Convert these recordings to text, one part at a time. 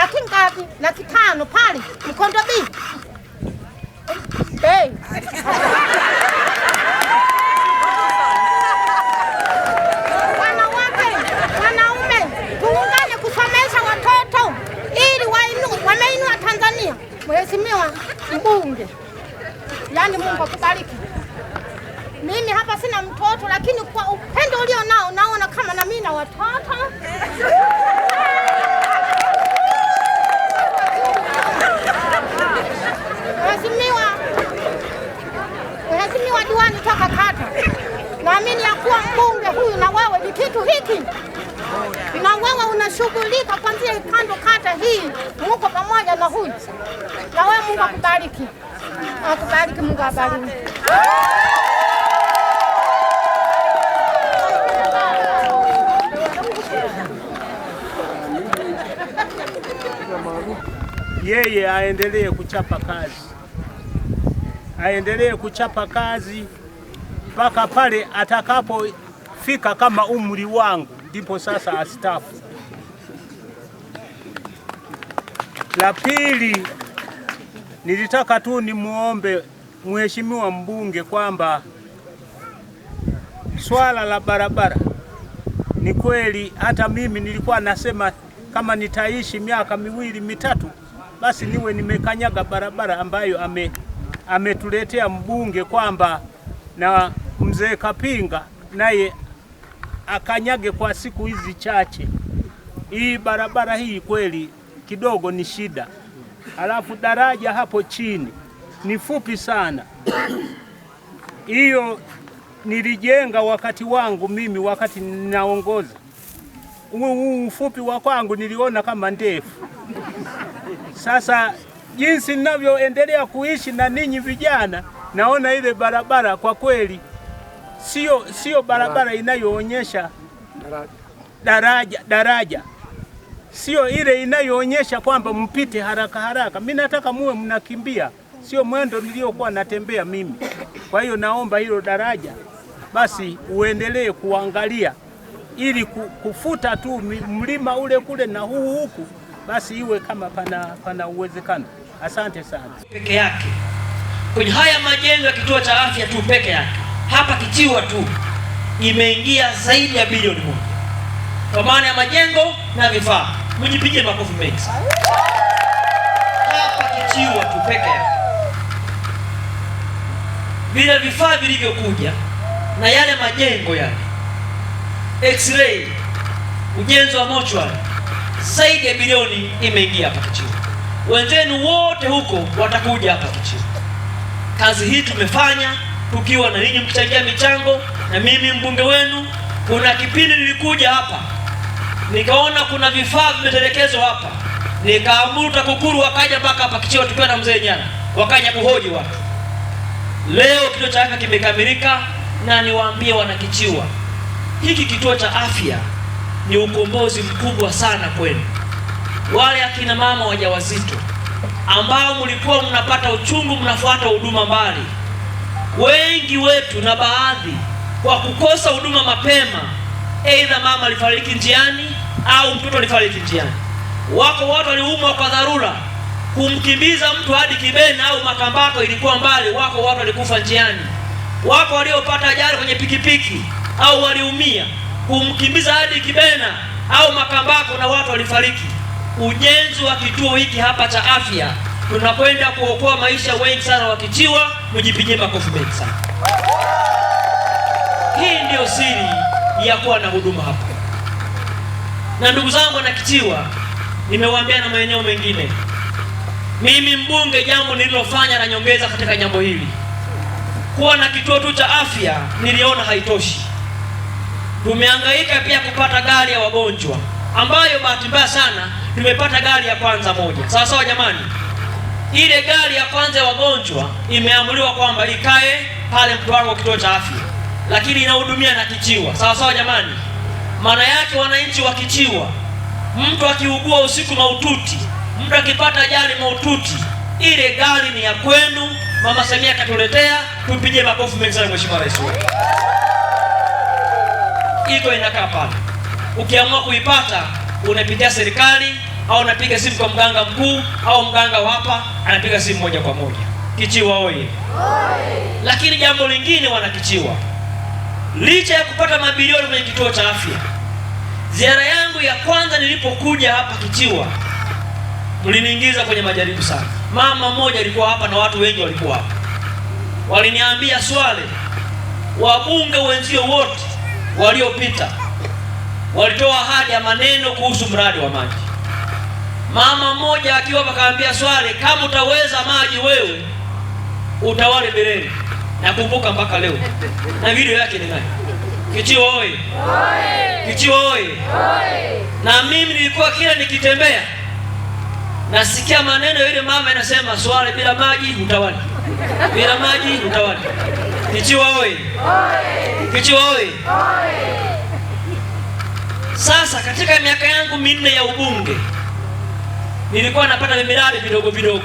laki ngapi? Laki tano pale Mkondo B. Hey. Wanawake, wanaume, tuungane kusomesha watoto ili wameinua Tanzania. Mheshimiwa Mbunge, yani Mungu akubariki. Mimi hapa sina mtoto, lakini kwa upendo ulio nao naona kama na mimi na watoto kitu hiki na wewe unashughulika kwanzia ikando kata hii, muko pamoja na huyu na wewe. Mungu akubariki, akubariki, Mungu abariki. Yeye aendelee kuchapa kazi, aendelee kuchapa kazi mpaka pale atakapo kufika kama umri wangu ndipo sasa astafu. La pili, nilitaka tu nimuombe mheshimiwa mbunge kwamba swala la barabara ni kweli, hata mimi nilikuwa nasema kama nitaishi miaka miwili mitatu, basi niwe nimekanyaga barabara ambayo ame ametuletea mbunge kwamba na mzee Kapinga naye akanyage kwa siku hizi chache. Hii barabara hii kweli kidogo ni shida, alafu daraja hapo chini ni fupi sana. Hiyo nilijenga wakati wangu mimi, wakati ninaongoza. Huu ufupi wa kwangu niliona kama ndefu. Sasa jinsi ninavyoendelea kuishi na ninyi vijana, naona ile barabara kwa kweli sio sio barabara inayoonyesha daraja, daraja, Sio ile inayoonyesha kwamba mpite haraka haraka. Mimi nataka muwe mnakimbia, sio mwendo niliokuwa natembea mimi. Kwa hiyo naomba hilo daraja basi uendelee kuangalia ili kufuta tu mlima ule kule na huu huku, basi iwe kama pana, pana uwezekano. Asante sana. Peke yake kwenye haya majengo ya kituo cha afya tu peke yake hapa Kichiwa tu imeingia zaidi ya bilioni moja kwa maana ya majengo na vifaa. Mjipige makofi mengi hapa Kichiwa tu peke yake. Vile vifaa vilivyokuja na yale majengo yale, x-ray, ujenzi wa mochwari, zaidi ya bilioni imeingia hapa Kichiwa. Wenzenu wote huko watakuja hapa Kichiwa. Kazi hii tumefanya kukiwa na ninyi mkichangia michango na mimi mbunge wenu. Kuna kipindi nilikuja hapa nikaona kuna vifaa vimetelekezwa hapa, nikaamuru TAKUKURU wakaja mpaka hapa Kichewa tukiwa na mzee Nyana, wakaja kuhoji watu. Leo kituo cha afya kimekamilika, na niwaambie wanakichiwa, hiki kituo cha afya ni ukombozi mkubwa sana kwenu, wale akina mama wajawazito ambao mlikuwa mnapata uchungu mnafuata huduma mbali Wengi wetu na baadhi kwa kukosa huduma mapema, aidha mama alifariki njiani au mtoto alifariki njiani. Wako watu waliumwa kwa dharura, kumkimbiza mtu hadi Kibena au Makambako ilikuwa mbali. Wako watu walikufa njiani. Wako waliopata ajali kwenye pikipiki au waliumia, kumkimbiza hadi Kibena au Makambako na watu walifariki. Ujenzi wa kituo hiki hapa cha afya tunakwenda kuokoa maisha wengi sana wakichiwa. Mjipige makofi mengi sana. Hii ndiyo siri ya kuwa na huduma hapa. Na ndugu zangu kichiwa nimewaambia na maeneo mengine, mimi mbunge, jambo nililofanya na nyongeza katika jambo hili, kuwa na kituo tu cha afya niliona haitoshi. Tumehangaika pia kupata gari ya wagonjwa ambayo bahati mbaya sana tumepata gari ya kwanza moja. Sawa sawa, jamani ile gari ya kwanza ya wagonjwa imeamuliwa kwamba ikae pale Mtwara kwa kituo cha afya, lakini inahudumia na Kichiwa. Sawa sawa, jamani. Maana yake wananchi wa Kichiwa, mtu akiugua usiku maututi, mtu akipata ajali maututi, ile gari ni ya kwenu. Mama Samia katuletea, tupige makofi mengi sana Mheshimiwa Rais wetu. Iko inakaa pale, ukiamua kuipata unapitia serikali au napiga simu kwa mganga mkuu au mganga wapa anapiga simu moja kwa moja. Kichiwa oye! Lakini jambo lingine, wanakichiwa, licha ya kupata mabilioni kwenye kituo cha afya, ziara yangu ya kwanza nilipokuja hapa Kichiwa mliniingiza kwenye majaribu sana. Mama mmoja alikuwa hapa na watu wengi walikuwa hapa, waliniambia Swale, wabunge wenzio wote waliopita walitoa ahadi ya maneno kuhusu mradi wa maji Mama mmoja akiwa akaambia Swale, kama utaweza maji wewe utawale Bereni. Nakumbuka mpaka leo na video yake ni nani? Kichiwa oye! Kichiwa oye! Na mimi nilikuwa kila nikitembea nasikia maneno yule mama inasema, Swale bila maji utawale, bila maji utawali. Kichiwa oye! Kichiwa oye! Sasa katika miaka yangu minne ya ubunge nilikuwa napata vimiradi vidogo vidogo,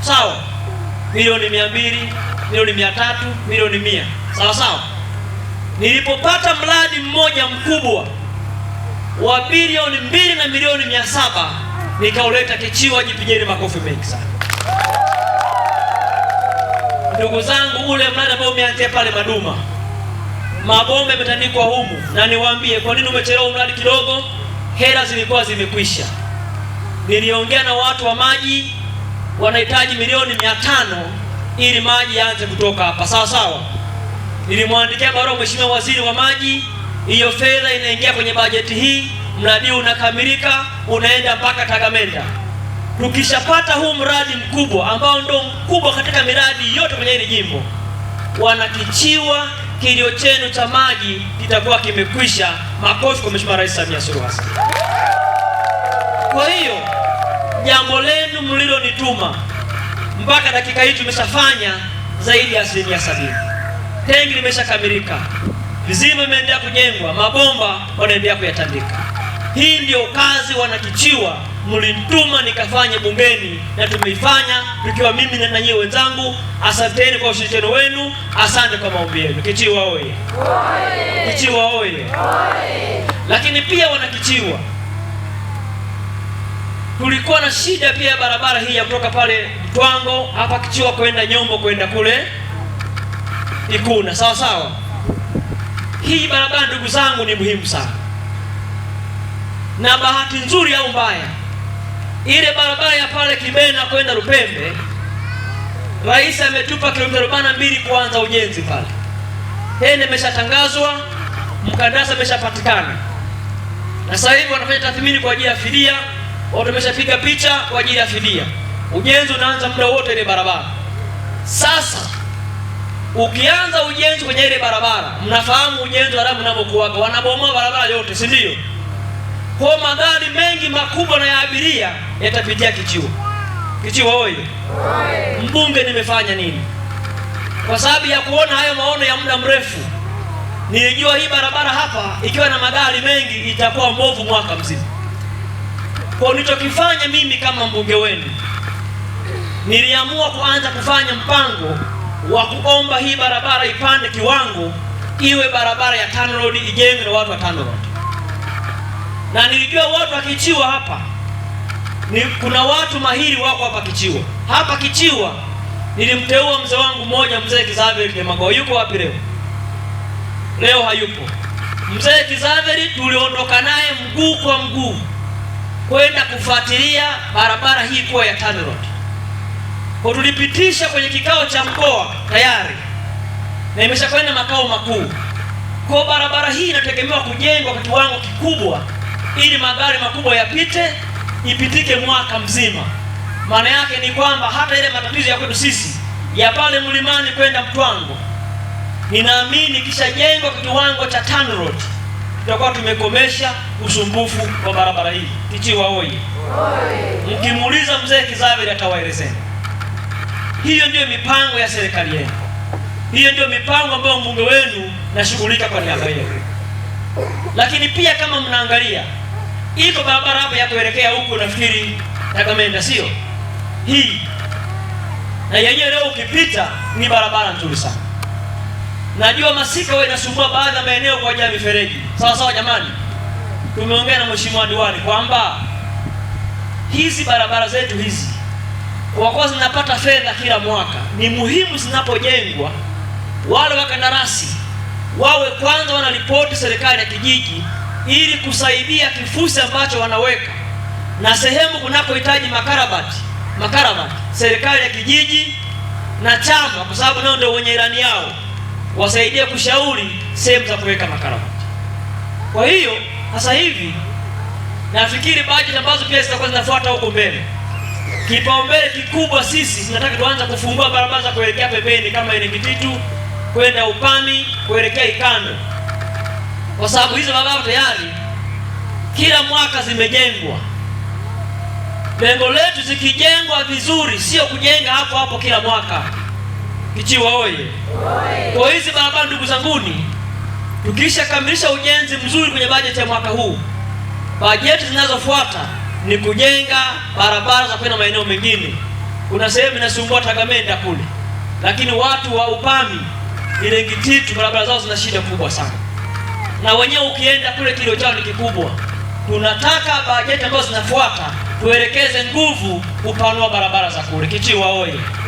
sawa, milioni mia mbili, milioni mia tatu, milioni mia, sawa sawa. Nilipopata mradi mmoja mkubwa wa bilioni mbili na milioni mia saba nikauleta Kichiwa. Jipigeni makofi mengi sana ndugu zangu. Ule mradi ambao umeanzia pale Maduma, mabomba yametandikwa humu, na niwaambie kwa nini umechelewa mradi kidogo, hela zilikuwa zimekwisha niliongea na watu wa maji, wanahitaji milioni mia tano ili maji yaanze kutoka hapa, sawa sawa. Nilimwandikia barua Mheshimiwa Waziri wa Maji, hiyo fedha inaingia kwenye bajeti hii, mradi unakamilika, unaenda mpaka Tagamenda. Tukishapata huu mradi mkubwa ambao ndio mkubwa katika miradi yote kwenye hili jimbo, wanakichiwa, kilio chenu cha maji kitakuwa kimekwisha. Makofi kwa Mheshimiwa Rais Samia Suluhu Hassan. Kwa hiyo jambo lenu mlilonituma mpaka dakika hii tumeshafanya zaidi ya asilimia sabini. Tengi limeshakamilika, vizima imeendelea kujengwa, mabomba wanaendelea kuyatandika. Hii ndio kazi wanakichiwa mlinituma nikafanye bungeni na tumeifanya tukiwa mimi na nanyie wenzangu. Asanteni kwa ushirikiano wenu, asante kwa maombi yenu. Kichiwa oye! Kichiwa oye! Lakini pia wanakichiwa kulikuwa na shida pia ya barabara hii ya kutoka pale Mtwango hapa Kichiwa kwenda Nyombo kwenda kule Ikuna, sawa sawa. Hii barabara ndugu zangu ni muhimu sana, na bahati nzuri au mbaya, ile barabara ya pale Kimena kwenda Lupembe, Rais ametupa kilomita arobaini na mbili kuanza ujenzi pale. Tena imeshatangazwa, mkandarasi ameshapatikana, na sasa hivi wanafanya tathmini kwa ajili ya fidia wao tumeshapiga picha kwa ajili ya fidia. Ujenzi unaanza muda wote ile barabara. Sasa ukianza ujenzi kwenye ile barabara, mnafahamu ujenzi damu unapokuwa wanabomoa barabara yote, si ndio? Kwa magari mengi makubwa na ya abiria yatapitia Kichiwa. Kichiwa hoyo. Mbunge nimefanya nini? Kwa sababu ya kuona hayo maono ya muda mrefu, nilijua hii barabara hapa ikiwa na magari mengi itakuwa mbovu mwaka mzima. Kwa nilichokifanya mimi kama mbunge wenu, niliamua kuanza kufanya mpango wa kuomba hii barabara ipande kiwango, iwe barabara ya road ijengwe na watu wa road, na nilijua watu wa Kichiwa hapa ni kuna watu mahiri wako hapa Kichiwa. Hapa Kichiwa nilimteua mzee wangu mmoja, mzee Kizaveri Kemago. Yuko wapi leo? Leo hayupo mzee Kizaveri, tuliondoka naye mguu kwa mguu kwenda kufuatilia barabara hii kuwa ya TANROADS. Kwa tulipitisha kwenye kikao cha mkoa tayari na imeshakwenda makao makuu. Kwa barabara hii inategemewa kujengwa kwa kiwango kikubwa ili magari makubwa yapite, ipitike mwaka mzima. Maana yake ni kwamba hata ile matatizo ya kwetu sisi ya pale mlimani kwenda Mtwango, ninaamini kishajengwa kwa kiwango cha TANROADS tutakuwa tumekomesha usumbufu wa barabara hii Tichiwa oye! Mkimuuliza mzee Kizaberi atawaelezeni. Hiyo ndiyo mipango ya serikali yenu, hiyo ndiyo mipango ambayo mbunge wenu nashughulika kwa niaba yenu. Lakini pia kama mnaangalia, iko barabara hapa ya kuelekea huko, nafikiri Takamenda, sio hii, na yenyewe leo ukipita ni barabara nzuri sana. Najua masika wewe inasumbua baadhi ya maeneo kwa ajili ya mifereji. Sawa sawa, jamani, tumeongea na mheshimiwa diwani kwamba hizi barabara zetu hizi kwa kuwa zinapata fedha kila mwaka, ni muhimu zinapojengwa, wale wakandarasi wawe kwanza wanaripoti serikali ya kijiji ili kusaidia kifusi ambacho wanaweka, na sehemu kunapohitaji makarabati, makarabati serikali ya kijiji na chama, kwa sababu nao ndio wenye ilani yao wasaidia kushauri sehemu za kuweka makarabati. Kwa hiyo sasa hivi nafikiri bajeti ambazo pia zitakuwa zinafuata huko mbele, kipaumbele kikubwa sisi tunataka tuanza kufungua barabara za kuelekea pembeni kama ile Kititu kwenda Upami kuelekea Ikando, kwa sababu hizo barabara tayari kila mwaka zimejengwa. Lengo letu zikijengwa vizuri, sio kujenga hapo hapo kila mwaka. Kichiwa oye! Kwa hizi barabara, ndugu zanguni, tukishakamilisha ujenzi mzuri kwenye bajeti ya mwaka huu, bajeti zinazofuata ni kujenga barabara za kwenda maeneo mengine. Kuna sehemu inasumbua Tagamenda kule, lakini watu wa Upami ile Ngititu barabara zao zina shida kubwa sana, na wenyewe ukienda kule kilio chao ni kikubwa. Tunataka bajeti ambazo zinafuata tuelekeze nguvu kupanua barabara za kule. Kichiwa oye!